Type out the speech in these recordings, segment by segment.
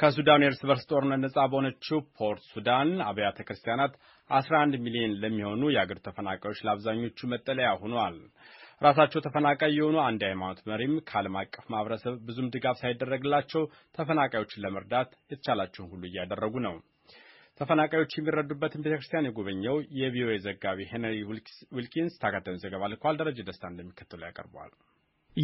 ከሱዳን የእርስ በርስ ጦርነት ነጻ በሆነችው ፖርት ሱዳን አብያተ ክርስቲያናት 11 ሚሊዮን ለሚሆኑ የአገር ተፈናቃዮች ለአብዛኞቹ መጠለያ ሆኗል። ራሳቸው ተፈናቃይ የሆኑ አንድ የሃይማኖት መሪም ከዓለም አቀፍ ማህበረሰብ ብዙም ድጋፍ ሳይደረግላቸው ተፈናቃዮችን ለመርዳት የተቻላቸውን ሁሉ እያደረጉ ነው። ተፈናቃዮች የሚረዱበትን ቤተ ክርስቲያን የጎበኘው የቪኦኤ ዘጋቢ ሄነሪ ዊልኪንስ ተከታዩን ዘገባ ልኳል። ደረጀ ደስታ እንደሚከተለው ያቀርበዋል።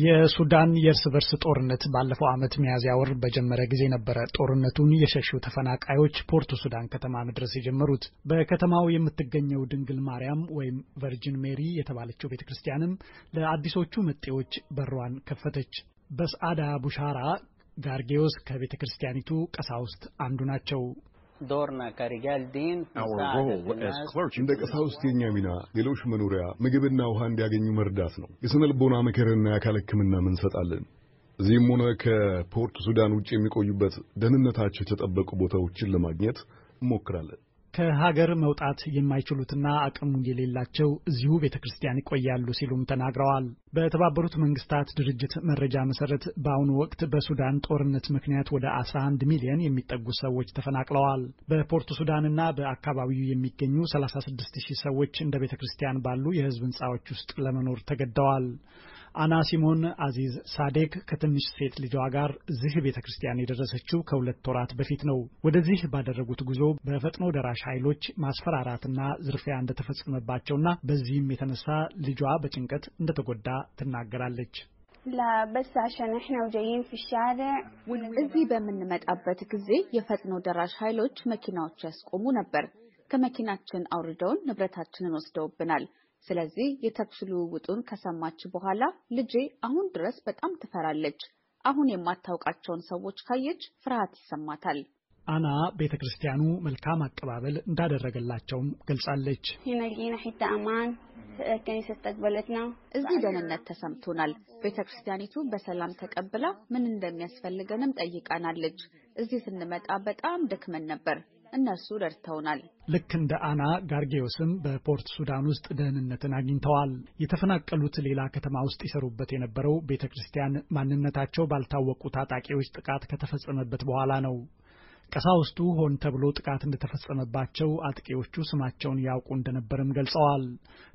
የሱዳን የእርስ በርስ ጦርነት ባለፈው ዓመት ሚያዝያ ወር በጀመረ ጊዜ ነበረ ጦርነቱን የሸሹ ተፈናቃዮች ፖርቱ ሱዳን ከተማ መድረስ የጀመሩት። በከተማው የምትገኘው ድንግል ማርያም ወይም ቨርጅን ሜሪ የተባለችው ቤተ ክርስቲያንም ለአዲሶቹ መጤዎች በሯን ከፈተች። በስአዳ ቡሻራ ጋርጌዎስ ከቤተ ክርስቲያኒቱ ቀሳውስት አንዱ ናቸው። እንደ ቀሳውስት የኛ ሚና ሌሎች መኖሪያ ምግብና ውሃ እንዲያገኙ መርዳት ነው። የስነ ልቦና ምክርና የአካል ሕክምና እንሰጣለን። እዚህም ሆነ ከፖርት ሱዳን ውጭ የሚቆዩበት ደህንነታቸው የተጠበቁ ቦታዎችን ለማግኘት እንሞክራለን። ከሀገር መውጣት የማይችሉትና አቅም የሌላቸው እዚሁ ቤተ ክርስቲያን ይቆያሉ ሲሉም ተናግረዋል። በተባበሩት መንግስታት ድርጅት መረጃ መሰረት በአሁኑ ወቅት በሱዳን ጦርነት ምክንያት ወደ 11 ሚሊዮን የሚጠጉ ሰዎች ተፈናቅለዋል። በፖርቱ ሱዳንና በአካባቢው የሚገኙ 36 ሺህ ሰዎች እንደ ቤተ ክርስቲያን ባሉ የህዝብ ህንፃዎች ውስጥ ለመኖር ተገደዋል። አና ሲሞን አዚዝ ሳዴክ ከትንሽ ሴት ልጇ ጋር እዚህ ቤተ ክርስቲያን የደረሰችው ከሁለት ወራት በፊት ነው። ወደዚህ ባደረጉት ጉዞ በፈጥኖ ደራሽ ኃይሎች ማስፈራራትና ዝርፊያ እንደተፈጸመባቸውና በዚህም የተነሳ ልጇ በጭንቀት እንደተጎዳ ትናገራለች። እዚህ በምንመጣበት ጊዜ የፈጥኖ ደራሽ ኃይሎች መኪናዎች ያስቆሙ ነበር። ከመኪናችን አውርደውን ንብረታችንን ወስደውብናል። ስለዚህ የተኩስ ልውውጡን ከሰማች በኋላ ልጄ አሁን ድረስ በጣም ትፈራለች። አሁን የማታውቃቸውን ሰዎች ካየች ፍርሃት ይሰማታል። አና ቤተ ክርስቲያኑ መልካም አቀባበል እንዳደረገላቸውም ገልጻለች። እዚህ ደህንነት ተሰምቶናል። ቤተ ክርስቲያኒቱ በሰላም ተቀብላ ምን እንደሚያስፈልገንም ጠይቃናለች። እዚህ ስንመጣ በጣም ደክመን ነበር። እነሱ ረድተውናል። ልክ እንደ አና ጋርጌዮስም በፖርት ሱዳን ውስጥ ደህንነትን አግኝተዋል። የተፈናቀሉት ሌላ ከተማ ውስጥ ይሰሩበት የነበረው ቤተ ክርስቲያን ማንነታቸው ባልታወቁ ታጣቂዎች ጥቃት ከተፈጸመበት በኋላ ነው። ቀሳውስቱ ሆን ተብሎ ጥቃት እንደተፈጸመባቸው አጥቂዎቹ ስማቸውን ያውቁ እንደነበርም ገልጸዋል።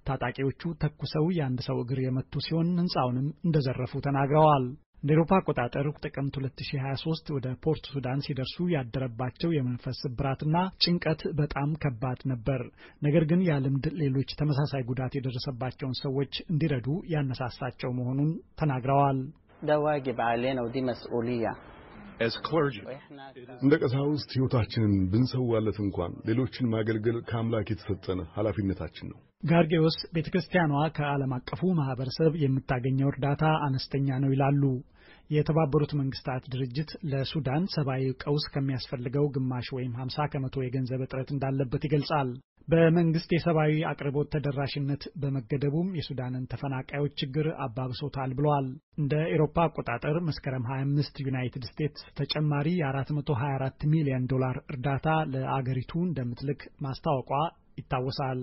ታጣቂዎቹ ተኩሰው የአንድ ሰው እግር የመቱ ሲሆን ሕንፃውንም እንደዘረፉ ተናግረዋል። እንደ ኤሮፓ አቆጣጠር ጥቅምት 2023 ወደ ፖርት ሱዳን ሲደርሱ ያደረባቸው የመንፈስ ስብራትና ጭንቀት በጣም ከባድ ነበር። ነገር ግን ያ ልምድ ሌሎች ተመሳሳይ ጉዳት የደረሰባቸውን ሰዎች እንዲረዱ ያነሳሳቸው መሆኑን ተናግረዋል። ደዋጊ በአሌ ነው ዲ መስኡልያ እንደ ቀሳውስት ሕይወታችንን ብንሰዋለት እንኳን ሌሎችን ማገልገል ከአምላክ የተሰጠነ ኃላፊነታችን ነው። ጋርጌዎስ ቤተ ክርስቲያኗ ከዓለም አቀፉ ማህበረሰብ የምታገኘው እርዳታ አነስተኛ ነው ይላሉ። የተባበሩት መንግስታት ድርጅት ለሱዳን ሰብአዊ ቀውስ ከሚያስፈልገው ግማሽ ወይም 50 ከመቶ የገንዘብ እጥረት እንዳለበት ይገልጻል። በመንግስት የሰብአዊ አቅርቦት ተደራሽነት በመገደቡም የሱዳንን ተፈናቃዮች ችግር አባብሶታል ብለዋል። እንደ ኤሮፓ አቆጣጠር መስከረም 25 ዩናይትድ ስቴትስ ተጨማሪ የ424 ሚሊዮን ዶላር እርዳታ ለአገሪቱ እንደምትልክ ማስታወቋ ይታወሳል።